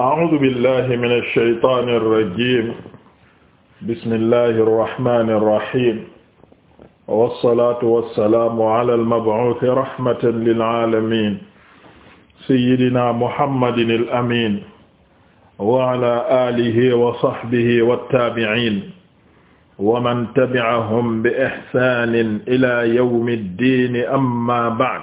أعوذ بالله من الشيطان الرجيم بسم الله الرحمن الرحيم والصلاة والسلام على المبعوث رحمة للعالمين سيدنا محمد الأمين وعلى آله وصحبه والتابعين ومن تبعهم بإحسان إلى يوم الدين أما بعد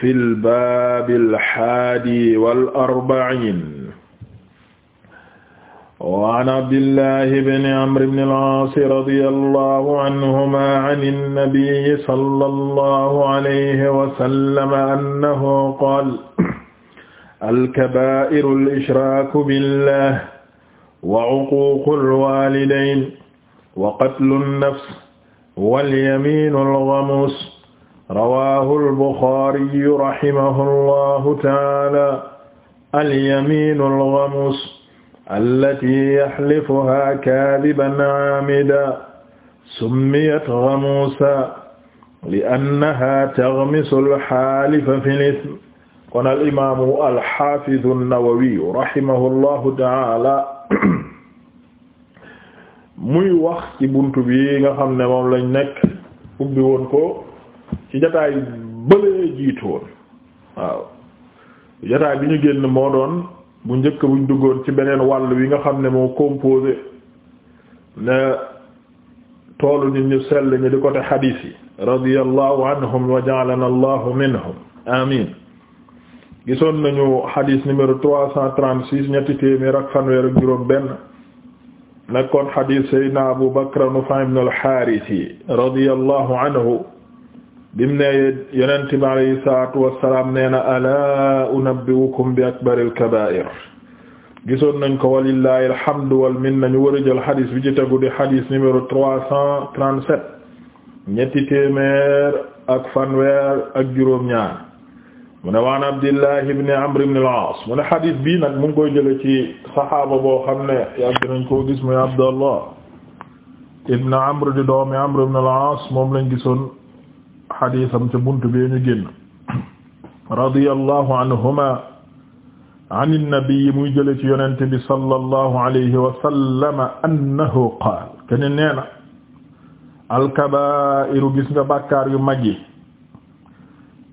fil baabil haadi wal arba'iin waan abdillahi ibn amr ibn al-aas radiyallahu anhuma an an-nabiyyi sallallahu alayhi wa sallam annahu qaala al-kabaa'iru al-ishraaku billahi wa uquuqu al-waalidayni wa qatlu an-nafs wal yamiinu al-ghamuus rawaahu al-Buxaariyu rahimahullaahu ta'aalaa al-yamiinu al-ghamus allatii yahlifuhaa kaadiban 'aamidan summiyat ghamuusan li'annahaa taghmisu al-haalifa fil-ithm kon al-imaamu al-haafidu an-Nawawiyu rahimahullaahu ta'aalaa muy wax ci buntu bi nga xam ne moom lañ nekk ubbi woon ko ci jotaay bële jiitu waaw jotaay bi ñu génn moo doon bu njëkk buñ duggoon ci beneen wàll wi nga xam ne moo composé ne toolu nit ñu sell ñi di côté xadiis yi radiyallahu anhum wa allahu minhum amin gisoon nañu xadiis numéro trois cent trente-six ñetti téeméer ak fanweer ak juróom benn nekkoon xadiis sayyidina Abu Bakr Nufay ibn al-Haaris radiyallahu anhu bim ne yonent bi alayhi salaatu wassalaam nee na alaa unabbi'ukum bi akbaril gisoon nañ ko walillahi alhamdu wal min ñu war a jël xadis bi ci tegu di xadis numéro trois cent trente ñetti téeméer ak fanweer ak juróom-ñaar mu ne waan Abdullah ibn Amr ibn al-Aas mu ne xadis bii nag mu ngi koy ci saxaaba boo xam ne yàgg nañ ko gis muy Abdallah ibn Amr di doomi Amr ibn al-Aas moom lañ gisoon. xadiisam ca buntu bee ñu génn radiyallahu anhuma an innabii muy jële ci yonente bi sallallahu alayhi wa sallama annahu qaal kene nee na alkabairu gis nga bàkkaar yu mag yi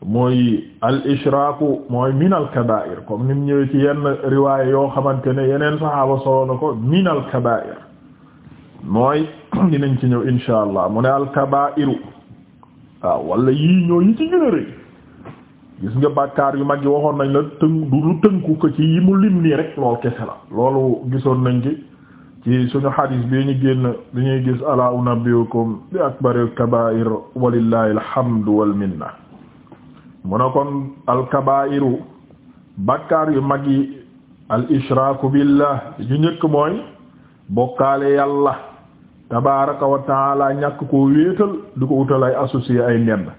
mooy al ishraaku mooy min alkabair comme ni mu ñëwee ci yenn riwaaya yoo xamante ne yeneen saxaaba soloo na ko min alkabair mooy dinañ ci ñëw inshaa allah mu ne alkabairu waaw walla yii ñoo yi ci gën a gis nga bàkkaar yu mag yi waxoon nañ la tënk du lu tënku ko ci yi mu lim nii rek lool kese la loolu gisoon nañ ci ci suñu xadis bi ñu génn bi ñuy gis ala unabbiukum bi akbaril kabair walillahi alhamdu wal minna mu ne kon alkabairu bàkkaar yu mag yi al ishraaku billah yu njëkk mooy bokkaale yàlla tabaraka wa taala ñàkk koo wéetal di ko utal ay associé ay nen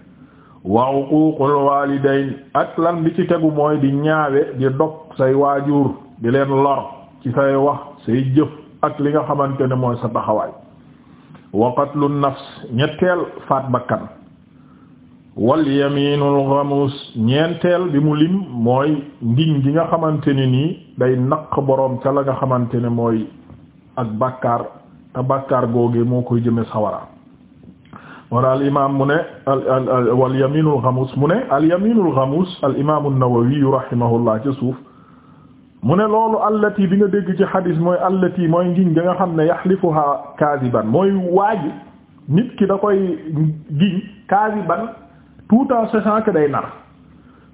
wa uququl walidayn ak lan bi ci tegu mooy di ñaawe di dog say waajur di leen lor ci say wax say jëf ak li nga xamante ne mooy sa taxawaay wa qatlun nafs ñetteel faat bakkan wal yaminul ghamus ñeenteel bi mu lim mooy ngiñ gi nga xamante ne nii day naq boroom ca la nga xamante ne mooy ak bàkkaar te bàkkaar googee moo koy jëme sawara wala al mu ne wal yaminul xamus mu ne al yaminul xamus al imam an-Nawawi rahimahullah suuf mu ne loolu allati bi nga dégg ci xadis mooy allati mooy ngiñ da nga xam ne yaxlifuha kaasiban mooy waaji nit ki da koy giñ kaasiban tout en sachant que day nar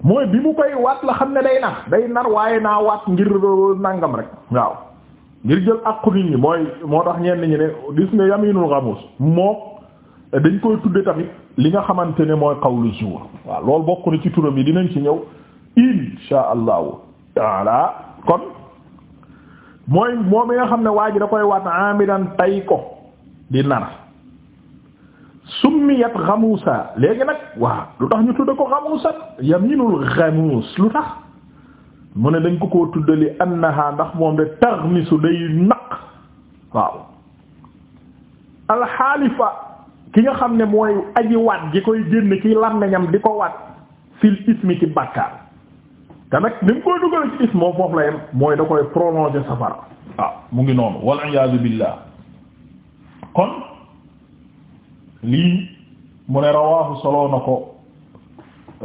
mooy bi mu koy waat la xam ne day nar day nar waaye naa waat ngir nàngam rek waaw ngir jël àqu nit ñi mooy moo tax ñenn ñi ne gis nga yaminul ghamus moo dañ koy tudd tamit li nga xamante ne mooy qawlu zuur waaw loolu bokk na ci turam yi dinañ ci ñëw insha allahu taala kon mooy moom mi nga xam ne waa ji da koy waat amidan tay ko di nar summiyat ghamusa léegi nag waa lu tax ñu tudd ko ghamusa yaminul ghamus lu tax mu ne dañ ko koo tuddali annaha ndax moom de taxmisu day naq waaw alxaalifa ki nga xam ne mooy aji waat gi koy génn ci làmmiñam di ko waat fil ismi ci bàkkaar te nag ni mu koy dugal ci ism moom foofu la mooy da koy prolonger safara waaw mu ngi noonu wal iyaadu billah kon lii mu ne rawaahu soloo na ko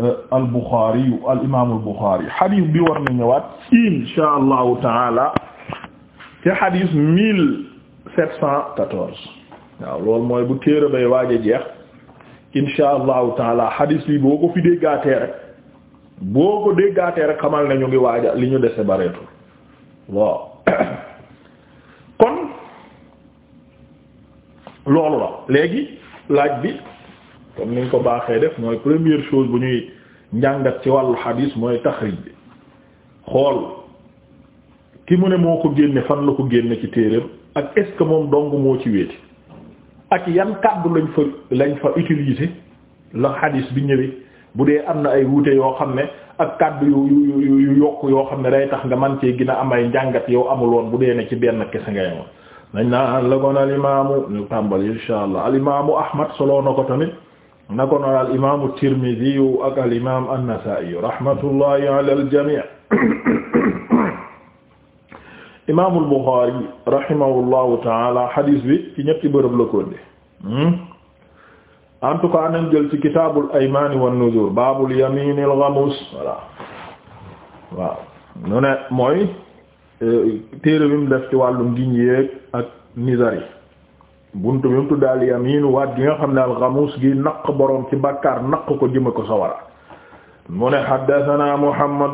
Euh, al Bukhari al imaam al Bukhari bi war na ñëwaat insha allahu taala ci xadis mille sept cent quatorze waaw loolu mooy bu téere bay waaj jeex insha allahu taala xadis bi boo ko fi déggaatee rek boo ko déggaatee rek xamal na ngi waaja li ñu dese bareetul waaw kon loolu la léegi laaj bi. comme niñ ko baaxee def mooy première chose bu ñuy njàngat ci wàllu xadiis mooy taxrij bi xool ki mu ne moo ko génne fan la ko génne ci téereem ak est-ce que moom dong moo ci wéeti ak yan kàddu lañ fa lañ fa utiliser la xadiis bi ñëwee bu dee am na ay wuute yoo xam ne ak kàddu yu yu yu yokk yoo xam ne day tax nga man cee gën a am ay njàngat yow amul woon bu dee ne ci benn kese nga yemoon nañ naa la kon al imaamu ñu tàmbal insha allah al imaamu Ahmad soloo na ko tamit na ko noon al imaamu Tirmidi ak al imaam an-Nasaa'i rahmatullahi ala al-jamii' imaamul Buxaari rahimahullahu taala hadis bi ci ñetti la ko indi hmm? en tout cas nañ jël ci kitaabul aymaani wan-nuzuur baabul yamiinil ghamuus voilà mooy euh, téere bi mu def ci wàllum giñ yeeg ak nizar buntu bi mu tudd al yaminu waat gi nga xam ne alxamuus gi naq boroom ci bàkkaar naq ko jëme ko sawara mu ne xaddathana muhammad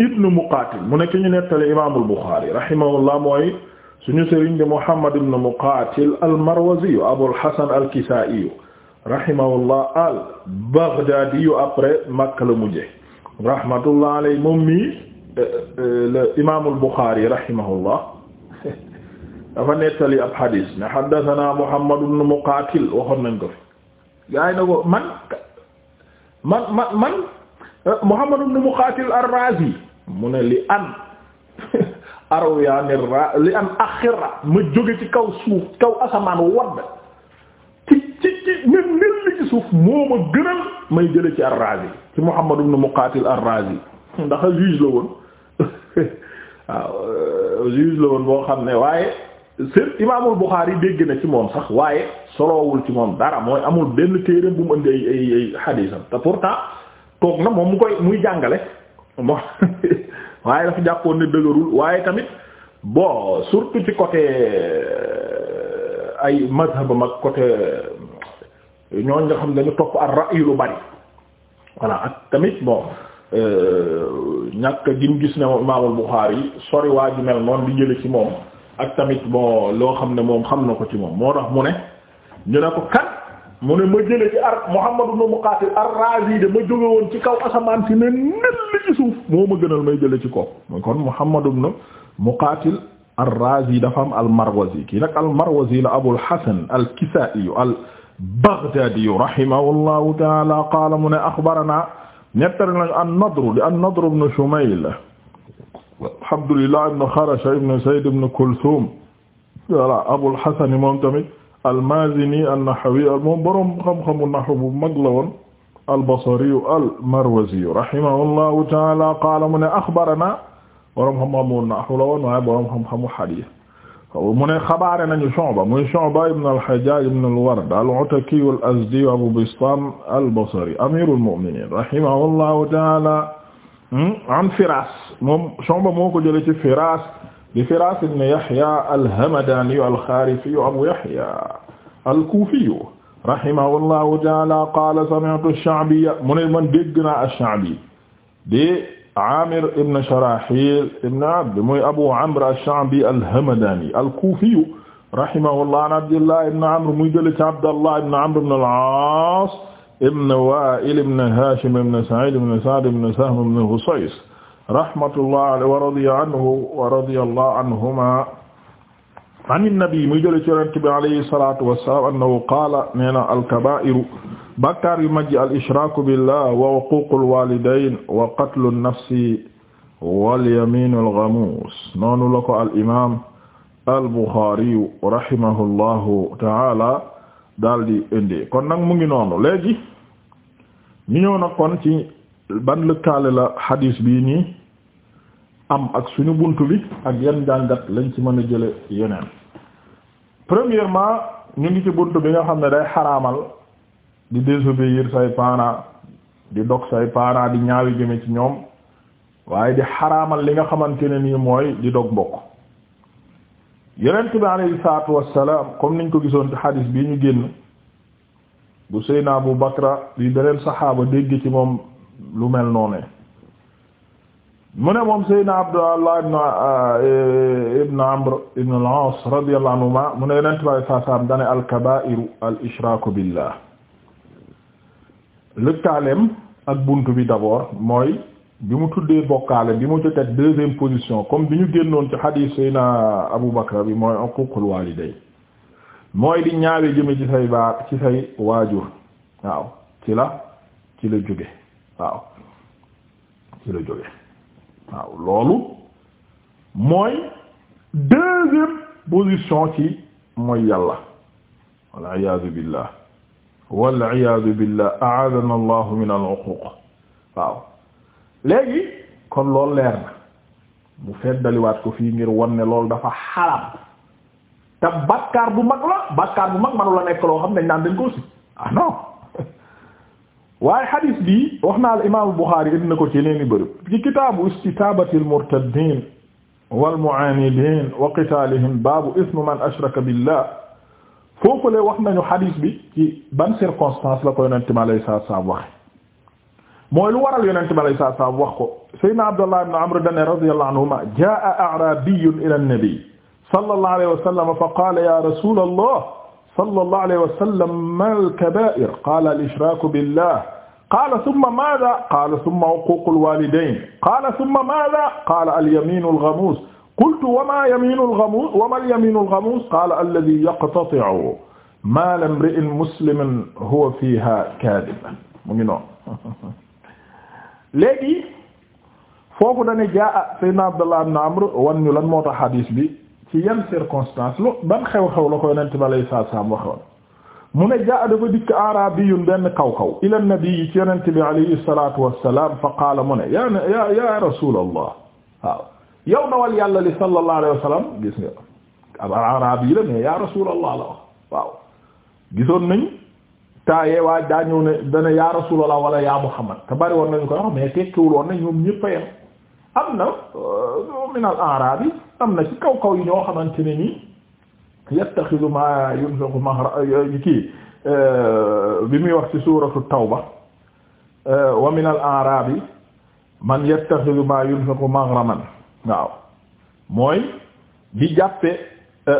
ibnu muqaatil mu ne ki ñu nettali imaamul buxaari rahimahullah mooy suñu sëriñ di muhammad ibnu muqaatil al marwaziyu abul hasan al kisaa'iyu rahimahullah al baghdaadiyu après makka la mujje rahmatullah alay moom mii euh, euh, la imaamul buxaari rahimahullah dafa nettali ab hadis ne haddathana Muhammad ibn Muqatil waxoon nañ ko fi gaa yi na ko man man man Muhammad ibn Muqatil ar-Razi mu ne li an arwiyaani ra li an axira ma jóge ci kaw suuf kaw asamaan wadd ci ci ci nga nel li ci suuf moo ma gënal may jële ci ar-Razi ci Muhammad ibn Muqatil ar-Razi ndax juge la woon waaw la woon boo xam ne waaye seen imaamul yi dégg na ci moom sax waaye solowul ci moom dara mooy amul benn téere bu mu indi ay ay ay xadiisam te pourtant toog na moom mu koy muy jàngale moom waaye dafa jàppoon ne dëgërul waaye tamit boo surtout ci côté euh, ay mazhabam ak côté euh, ñooñ nga xam ne dañu topp ak ra'yu lu bari voilà ak tamit bon euh, ñàkk gim gis ne moom imaamul yi sori waa ju mel noonu di jële ci moom ak tamit bon loo xam ne moom xam na ko ci moom moo tax mu ne ñu ne ko kan mu ne ma jële ci ar Muhammadu ibn Muqatil ar-Razi de ma jóge woon ci kaw asamaan si ne nel li ci suuf moo ma gënal may jële ci kaw kon Muhammadu ibn Muqatil ar-Razi dafa am al-Marwazi kii nag al-Marwazi la Abul Hasan al-Kisaa'i al-Baghdadi rahimahullahu ta'ala qaala mu ne axbaranaa nettali nañu an-Nadr di an-Nadr ibn Shumayl Abdullah ibn Kharasha ibn Zayd ibn Kulthum voilà Abul Hasan moom tamit al-Mazini an-Nahawi moom boroom xam-xamu nahwu bu mag la woon al-Basri al-Marwazi rahimahullahu ta'ala qaala mu ne axbarana boroom xam-xamu nahwu la woon waaye boroom xam-xamu hadiis mu ne xabaare nañu Shu'ba muy Shu'ba ibn al-Hajjaj ibn al-Ward al-Ataki al-Azdi Abu Bistam al-Basri amirul mu'minin rahimahullahu ta'ala Hmm? an Firaas moom Shu'ba moo ko jëlee ci Firaas di Firaas ibn Yahya al-Hamdani al-Kharifi Abu Yahya al-Kufi rahimahullahu ta'ala qala sami'tu ash-Sha'bi mu ne man dégg naa ash-Sha'bi di Amir ibn Sharahil ibn Abd muy Abu Amr ash-Sha'bi al-Hamdani al-Kufi rahimahullah an Abdullah ibn Amr muy jëlee ci Abdullah ibn Amr ibn al-As ibn Wa'il ibn Hashim ibn Sa'id ibn Sa'd ibn Sahm ibn Husays rahmatullah alayhi wa radiya anhu wa radiyallahu anhuma an nabi muy jële ci yonent bi alayhi salatu wassalam annahu qaala nee na alkabairu bàkkaar yu majji alishraku billah wa uququ alwalidain wa qatlu alnafsi walyaminu alghamus noonu la ko alimam albuxaariyu rahimahullahu taala daal di indi kon nag mu ngi noonu léegi ñu ñëw nag kon ci ban lëkkaale la xadiis bii nii am ak suñu bunt bi ak yan njàngat lañ ci mën a jële yeneen premièrement ñu ngi ci bunt bi nga xam ne day xaraamal di désobéir say parents di dog say parents di ñaawi jëme ci ñoom waaye di xaraamal li nga xamante ne nii mooy di dog mbokk yeneen bi alayhi salaatu wassalaam comme niñ ko gisoon ci xadiis bii ñu génn bu seyna abu bakra bi beneen saxaaba dégg ci moom lu mel noone mu ne moom seyna abdullah ibn eh, ibn amr ibn al-aas radiyallahu anhuma mu ne yonent bi saa saam dane al kabaa'iru al ishraaku billah lëkkaaleem ak bunt bi d'abord mooy bi mu tuddee bokkaale bi mu ci teg deuxième position comme bi ñu génnoon ci xadiis seyna abu bakra bi mooy uquuqul waaliday mooy di ñaawe jëme ci say baa ci say waajur waaw ci la ci la jóge waaw ci la jóge waaw loolu mooy deuxième position ci mooy yàlla wal iyaadu billah wal iyaadu billah aadana allahu min al uquq waaw léegi kon lool leer mu feddaliwaat ko fii ngir won lool loolu dafa xaraam te bàkkaar bu mag la bàkkaar bu mag manu la nekk loo xam ne dañ naan dañ koo si ah non waaye hadith bi wax naa al imaamu Buxaari indi na ko ci yeneen i bërëb ci kitaabu istitaabatil murtaddiin wal mu'aanidiin wa qitaalihim baabu ismu man ashraka billah foofule wax nañu hadith bi ci ban circonstance la ko yonent mi alayhi salaatu salaam waxe mooy lu waral yonent mi alayhi salaatu salaam wax ko Seydina Abdullah ibn Amr dane radiyallahu anhuma jaa'a a'raabiyyun ila an-nabi sallallahu alayhi wa sallam fa qaala ya rasulallah sallallahu alayhi wa sallam mal kabaa'ir qaala al ishraaku billah qaala summa maazaa qaala summa uquuqul waalidayn qaala summa maazaa qaala al yamiinul ghamuus qultu wa maa yamiinul ghamuus wa mal yamiinul ghamuus qaala alladii yaqtati'u maala imri'in muslimin huwa fiihaa kaadib mu ngi noonu léegi foofu dañuy jaa Seydina Abdallah ibn Amr wan ñu lan moo tax hadiis bi. ci yan circonstance lu ban xew-xew la ko yonent bi alayhi salaatu salaam waxoon mu ne jaa dafa dikk arabiyun benn kaw-kaw ila nabi ci yonent bi alayhi salaatu wassalaam fa qaala mu ne ya ya ya rasuulallah waaw yow nawal yàlla li sallallahu alayhi wa sallam gis nga ab arabi la mais ya rasuulallah la wax waaw gisoon nañ taayee waa daa ñëw ne dana ya rasuulallah wala ya muhammad te bari woon nañu ko wax mais tekkiwul woon nañ ñoom ñëpp a yem am na euh, min al arabi am na ci kaw kaw yi ñoo xamante ne ni yattaxidu ma yunfiqu mahra euh, kii euh, bi muy wax ci suuratu taw ba euh, min al a'rabi man yattaxidu ma yunfiqu maghraman waaw mooy di jàppe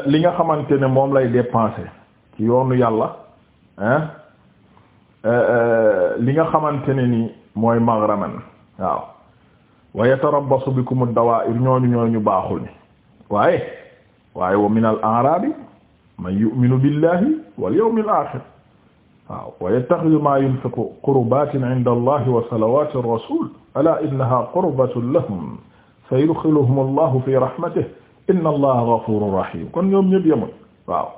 li nga xamante ne moom lay dépenser ci yoonu yàlla li nga xamante ne ni mooy maghraman waaw bi yatarabbasu bikum ad-dawa'ir ñooñu ñooñu baaxul ni waaye waaye wa min al arabi man yu'minu billahi wal yawmil akhir waaw wa yattakhidhu ma yunfiqu qurbatin 'inda allahi wa salawati ar-rasul ala innaha qurbatun lahum sayudkhiluhum allahu fi rahmatihi inna allaha ghafurur rahim kon ñoom ñëpp yemuñ waaw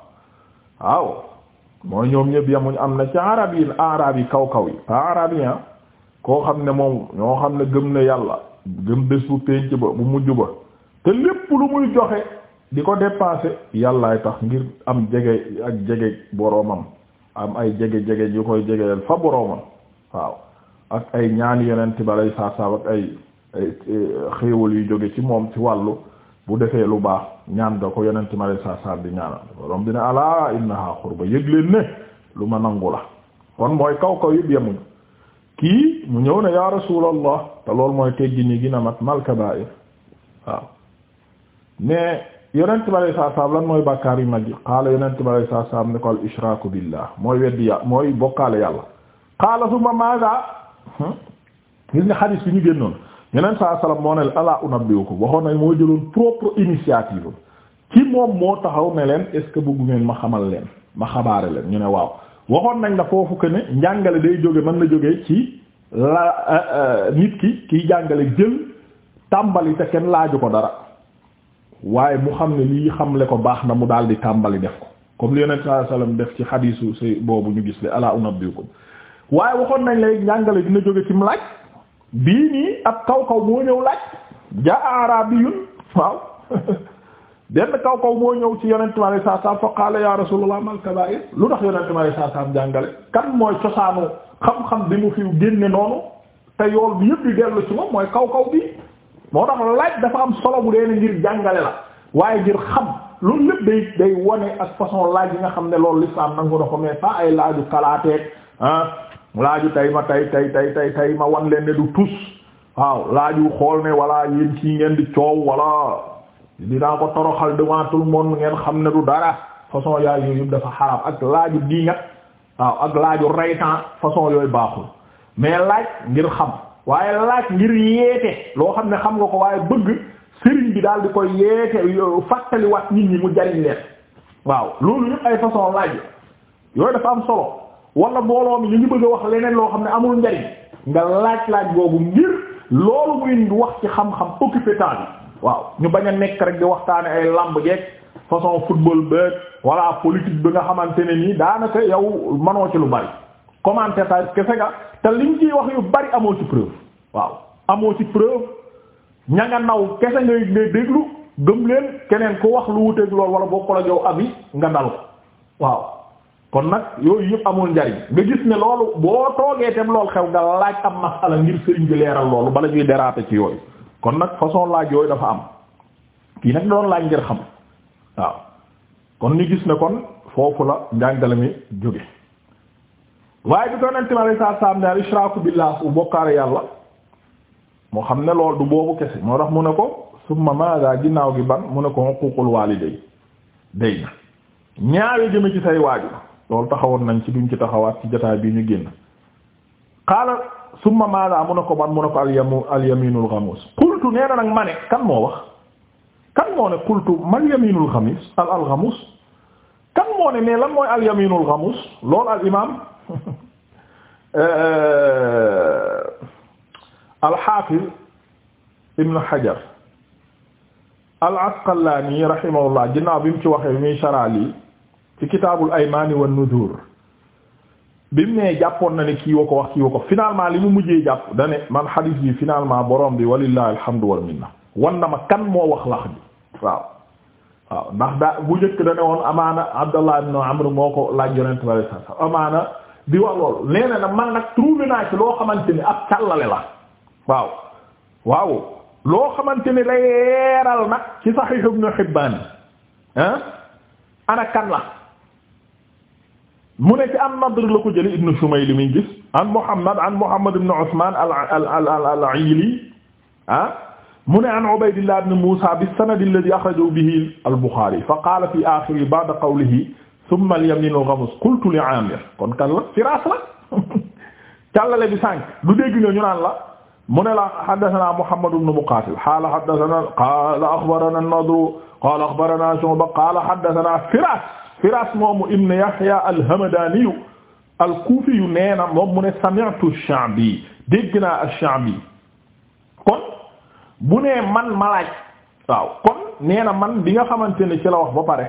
waaw mooy ñoom ñëpp yemuñ am na ci arab yi arab yi kaw kaw yi arab yi ah, koo xam ne moom ñoo xam ne gëm na yàlla gëm bés bu pénc ba bu mujj ba te lépp lu muy joxe di ko dépasser yàllaay tax ngir am jege ak jege boroomam am ay jege jege yu koy jegeel fa boroomam waaw ak ay ñaani yonent balay saa saab ak ay xéewal yu jóge ci moom ci wàllu bu defee lu baax ñaan nga ko yonent balay saa saab di ñaanal borom dina alaa innaha xurba yëg ne lu ma nangu la kon mooy kaw kaw yëpp yemuñu mu ñëw ne yaa rasuulallah te loolu mooy teggi ni gina mat mal waaw mais yonent bi alayhi salaam lan mooy bàkkaar yu mag yi qaala yonent bi alayhi salaatu salaam ne ko al ishraaku billah mooy weddi yàlla mooy bokkaale yàlla qaala summa maaza hmm? gis nga xadiis bi ñu génnoon yeneen saa salaam moo ne ala unabbiukum waxoon nañ moo jëloon propre initiative ci moom moo taxaw ne leen est-ce que bëggu ngeen ma xamal leen ma xabaare leen ñu ne waaw waxoon nañ la foofu que ne njàngale day jóge mën na jóge ci la euh, euh, nit ki kiy jàngale jël tàmbali te kenn laaju ko dara waaye mu xam ne lii xamle ko baax na mu daal di tàmbali def ko comme li yonent sallallahu alayhi wasallam def ci xadiisu si boobu ñu gis le ala unabbiukum waaye waxoon nañ lay njàngale dina jóge ci mu laaj bii nii ab kaw kaw moo ñëw laaj ja arabiyun waaw benn kaw kaw moo ñëw ci yonent mi alayhi salaam fa qaala ya rasulullah mal kaba'ir lu tax yonent mi alayhi salaam kan mooy cosaanu xam-xam bi mu fi génne noonu te yool bi yëpp di dellu ci moom mooy kaw kaw bi moo tax laaj dafa am solo bu dee ngir jàngale la waaye ngir xam loolu lépp day day wone ak façon laaj yi nga xam ne loolu l'islam nangu na ko mais pas ay laaju kalaateeg ah laaju tay ma tay tay tay tay tay ma wan leen ne du tus waaw laaju xool ne walla yéen ci ngeen di coow walla dinaa ko toroxal devant tout le ngeen xam ne du dara façon yaay yooyu dafa xaram ak laaju diingat waaw ak laaju reytan façon yooyu baaxul mais laaj ngir xam. waaye laaj ngir yeete loo xam ne xam nga ko waaye bëgg sëriñ bi daal di koy yeete euh, fàttaliwaat nit ñi mu jariñ leen waaw loolu yëpp ay façon laaj yooyu dafa am solo wala mbooloo mi ñu ngi bëgg a wax leneen loo xam ne amul njariñ nga laaj laaj boobu ngir loolu muy wax ci xam-xam occupé temps waaw ñu bañ a nekk rek di waxtaane ay làmb geek façon football beeg wala politique bi nga xamante ne nii daanaka yow manoo ci lu bari. commentateur kese nga te liñ ciy wax yu bari amoo ci preuve waaw amoo ci preuve ña naw kese ngay ngay déglu gëm leen keneen ku wax lu wuteeg lool wala boo ko la jow abi nga dal ko waaw kon nag yooyu yëpp amul njariñ nga gis ne loolu boo toogee tam lool xew nga laaj am masala ngir sëriñ bi leeral loolu bala ñuy déraper ci yooyu kon nag façon laaj yooyu dafa am kii nag doon laaj ngir xam waaw kon ñu gis ne kon foofu la njàngale mi jóge waaye bi ko nente mi alei saatu salaam ne al ishraaku billaah su bokkaale yàlla moo xam ne lool du boobu kese moo tax mu ne ko summa maada ginnaaw gi ban mu ne ko xuquuqul waaliday day na ñaawe jëme ci say waajur loolu taxawoon nañ ci duñ ci taxawaat ci jotaay bi ñu génn qaala summa maada mu ne ko ban mu ne ko alyamu alyaminul xamuus qultu nee na nag ma ne kan moo wax kan moo ne qultu mal yaminul xamis al al xamuus kan moo ne mais lan Eh, eh, alxaafid ibn Hajar al-Asqalaani rahimahullah ginnaaw bi mu ci waxee muy saraal yi ci kitaabul aymaani wan nuzuur bi mu nee jàppoon na ne kii wa ko wax kii wa ko finalement li mu mujjee jàpp da ne man xadiis bi finalement borom bi walillahi alhamdu wal minna wan na ma kan moo wax lax bi waaw waaw ndax daa bu njëkk da ne woon amaana Abdallah ibn Amr moo ko laaj yonent bi sallallahu alayhi wasallam amaana di wax loolu nee na nag man nag trouvé naa ci loo xamante ni ab càllale la waaw waaw loo xamante ni day yeeral nag ci Sahih Ibn Hibban ah ana kan la mu ne ci am Nadr la ko jëli Ibn Shumayl li muy gis an Muhammad an Muhammad ibn Usman al al al al-Ayli ah mu ne an Ubaydillah ibn Musa bi sanad alladhi akhrajahu bihi al-Bukhari fa qala fi akhiri ba'da qawlihi thumma al yaminul ghamus qultu li amir kon kan la firaas la càllale bi sànq du dégg nga ñu naan la mu ne la haddathana muhammad ibn muqatil qala haddathana qala akhbarana an-nadr qala akhbarana shu'ba qala haddathana firaas firaas moomu ibn yahya al-hamadaniyu al-kufiyu nee na moom mu ne sami'tu ash-sha'bi dégg naa ash-sha'bi kon bu nee man malaaj waaw kon nee na man bi nga xamante ne ci la wax ba pare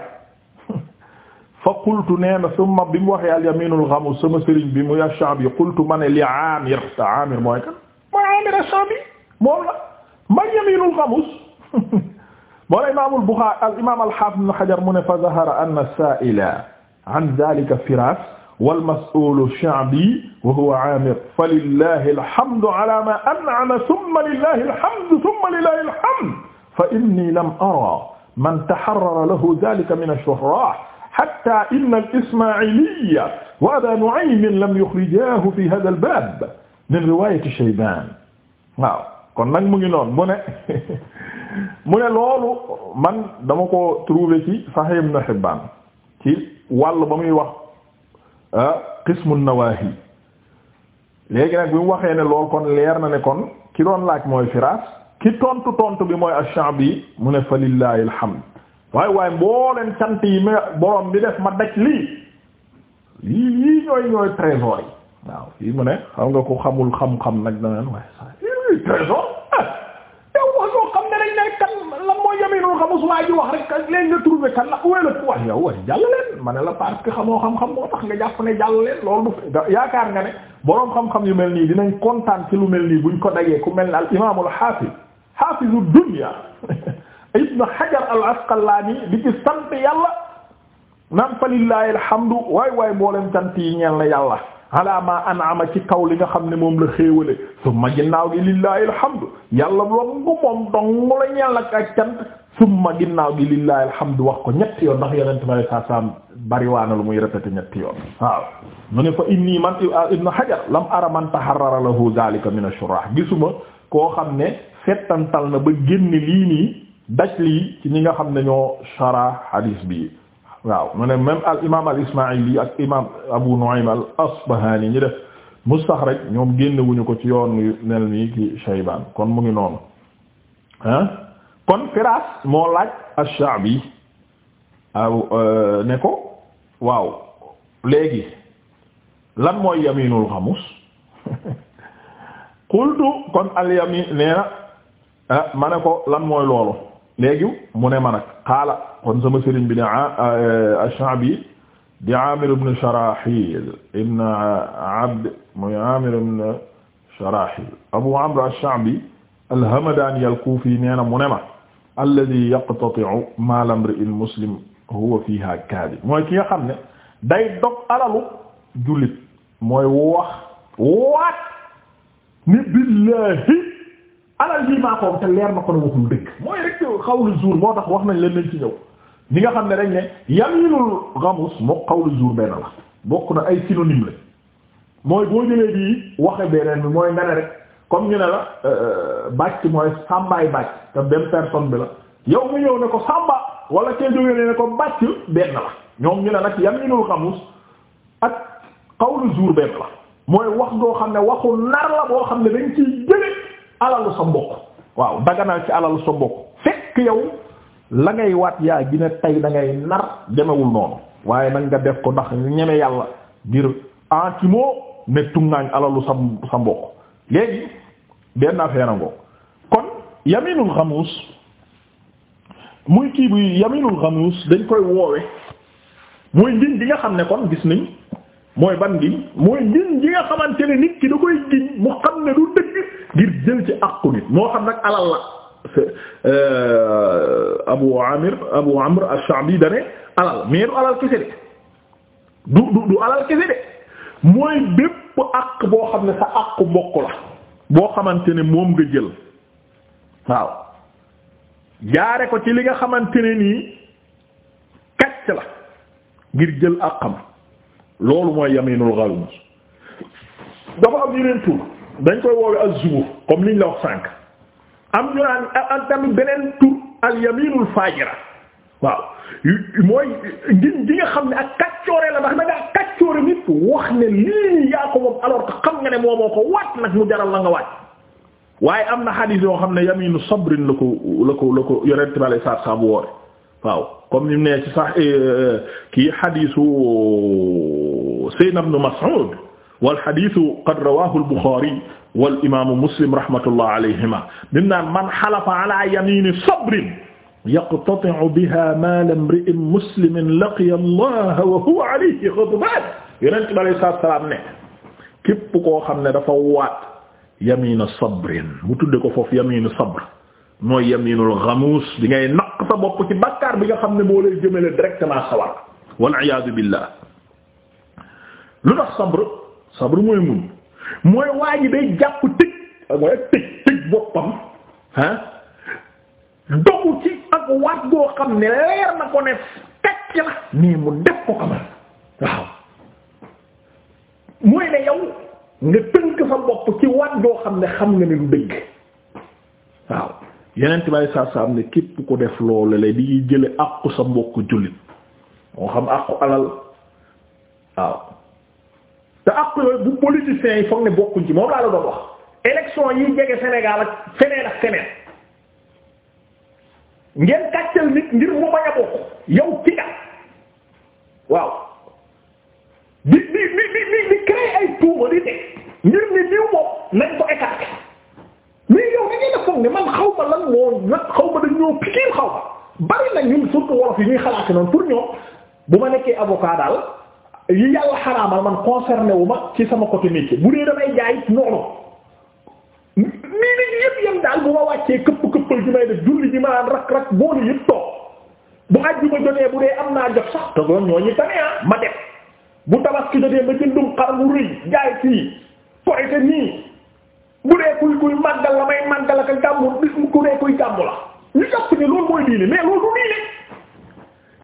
fa qultu nee na summa bi mu waxee al yaminul ghamus sama sëriñ bi muy ash-Sha'bi qultu ma ne li Amir te Amir mooy kan mooy Amir ash-Sha'bi moom la man yaminul ghamus moo la imaam al-Bukhari al imaam al-Hafiz Ibn Hajar mu ne fa zahara anna as-sa'ila an dhalika firas wal mas'ulu ash-Sha'bi wa huwa Amir falillahi alhamdu ala ma an'ama thumma lillahi alhamdu thumma lillahi alhamdu fa inni lam ara man taharrara lahu dhalika min ash-shuhrah hatta inna al-Ismaa'iliyya wa Abaa Nu'aym lam yukhrijaahu fi haadha al-baab min riwaayati Shaybaan waaw kon nag mu ngi noonu mu ne mu ne loolu man dama ko trouvé ci Sahih Ibn Hibbaan ci wàll ba muy wax ah, qismu nawaahi léegi nag bi mu waxee ne lool kon leer na ne kon ki doon laaj mooy firaas ki tontu tontu bi mooy ash-Sha'bi mu ne fa lillaahil hamd waaye waaye mbooleen cant yi ma borom bi def ma daj lii lii lii ñooy ñooy trésor yi waaw fii mu ne xam nga ko xamul xam-xam nag daneen waaye sa lii ah, ne dañ ne kan lan mooy yaminul xamus ji wax rek leen nga trouvé kan la wéy la wax yow jàll leen ma la parce que xamoo xam-xam moo tax nga jàpp ne jàll leen loolu du yaakaar nga ne boroom xam-xam yu mel nii dinañ kontaan ci lu mel nii buñ ko dajee ku mel ne al imaamul xaafiz xaafizu dunya ibn Hajar al-Asqalaani di ci sant yàlla naan fa lillaahi alhamdu waay waay mboolem cant yi ñeel na yàlla ala ma an'ama ci kaw li nga xam ne moom la xéewale summa ginnaaw gi lillaahi alhamdu yàlla loolu moom dong la ñeel nag ak cant summa ginnaaw gi lillaahi alhamdu wax ko ñetti yoon ndax yonent ma saa bariwaana lu muy répété ñetti yoon waaw mu ne fa inni man ibn Hajar lam ara man taharrara lahu zalika min ash-shurah gisuma koo xam ne settantal na daj lii ci ñi nga xam ne ñoo shara hadis bi waaw mu ne même al imaam al ismaili ak imaam abu nu'aym al asbahani ñi def rek ñoom génnewuñu ko ci yoon yu mel nii ki shaybaan kon mu ngi noonu kon firaas moo laaj ash-sha'bi aw euh, ne ko waaw léegi lan mooy yaminul xamus qultu kon al yamin nee na ah, ma ne ko lan mooy loolu léegi mu ne ma nag xaala kon sama sëriñ bi ne ash-Sha'bi di Amir ibn Sharahil ibn Abd muy Amir ibn Sharahil Abu Amr ash-Sha'bi al-Hamadani al-Kufi nee na mu ne ma alladhi yaqtati'u maal imri'in muslim huwa fiha kadhib mooy ki nga xam ne day dog alalu jullit mooy wax waat ni billahi alal lii maa ko te leer na ko ne waxul dëgg mooy rek xawlu zuur moo tax wax nañ leen nañ ci ñëw ñi nga xam ne dañ ne yaminul ghamus moo xawlu zuur benn la bokk ay synonyme la mooy boo jëlee bi mooy nga rek comme ñu ne la euh, bàcc mooy sàmbaay bàcc te benn personne bi la yow mu ñëw ne ko sàmba wala kee jógee ne ne ko bàcc benn la ñoom ñu ne nag yaminul ghamus ak xawlu zuur benn la mooy wax goo xam ne waxu nar la boo xam ne dañ ciy jële alalu sa mbokk waaw daganal ci alalu sa mbokk fekk yow la ngay waat yaa gina tey da nar demewul noonu waaye nag nga def ko ndax ñeme yàlla ngir entimo ne tuŋaañ alalu sa sa mbokk léegi benn a ngoog kon yaminul xamuus muy kii bi yaminul xamuus dañ koy woowe mooy ngiñ gi nga xam ne kon gis nañ mooy ban ngiñ mooy ngiñ gi nga xamante ne nit ki da koy giñ mu xam ne du dëgg ngir jël ci àqu nit moo xam nag alal la euh, Abu Amir Abu Amr ash-Sha'bi da alal mais du alal kese de du du du alal kese de mooy bépp àq boo xam ne sa àqu mbokk la boo xamante ne moom nga jël waaw jaare ko ci li nga xamante ne nii kacc la ngir jël àqam loolu mooy yaminul ghalmus dafa am yeneen tur dañ koy woowe az-zubuur comme liñ la wax sànq am ñu naan am beneen tur al-yamiinul faajira waaw mooy ngin gi nga xam ne ak kaccoore la ndax da ngaa kaccoore nit wax ne lii yaa ko moom alors xam nga ne moomoo ko waat nag mu jaral la nga waat waaye am na xadiis yoo xam ne yamiinu sabrin la ko la ko la ko yonent bi alayhi salaatu salaam waaw comme ni mu ne ci sax eh, eh, kii xadiisu Sayyidina Ibn Mas'ud wal xadiisu qad rawaahu al Buxaari wal imaamu Muslim rahmatullah alayhima bim naan man xalafa ala yamiini sabrin yaqtati'u biha maala imri'in muslimin laqiya Allaha wa huwa alayhi ghadbaan Yonent bi alayhi salaatu wa salaam ne képp koo xam ne dafa waat yamiina sabrin mu tudde ko foofu yamiinu sabr mooy yamiinul ghamuus di ngay naq sa bopp ci bakkaar bi nga xam ne moo lay jëmale directement sawar wal iyaadu billah lu tax sabr sabru mooy muñ mooy waa ji day jàpp tëj mooy tëj tëj boppam ah dogu ci ak waat goo xam ne leer na ko ne tecc la mais mu def ko xamal waaw mooy ne yow nga tënk sa bopp ci waat goo xam ne xam nga ne lu dëgg waaw yeneen bay saa saa am ne képp ko def loolu la di jële àqu sa mbokk jullit moo xam àqu alal waaw te ak bu politiciens yi foog ne bokkuñ ci moom laa la doon wax élection yi jege Sénégal ak feneen ak feneen ngeen kàccal nit ngir mu bañ a bokk yow ci waaw di di di di di créer ay tuuma di ngir ni diw moom nañ ko écarter mais yow da ngeen a foog ne man xaw ma lan moo xaw ma dañ ñoo piqué xaw ma bari na surtout wolof yi ñuy xalaati noonu pour ñoom bu ma nekkee avocat daal. yi yàlla xaraamal man concerné wu ma ci sama côté bu dee damay jaay noonu mii nit yëpp yam daal bu ma wàccee këpp këppal ji may def julli ji ma naan rak boo boolu yëpp toog bu ma jotee bu dee am naa jot sax te doon ñoo ñu tane ah ma def bu ki jotee ma jëndum xar bu rëy jaay fii poyte nii bu dee kuy kuy màggal la may màggal ak gàmmu ku dee kuy gàmmu la ñu jàpp ne loolu mooy diine mais loolu du diine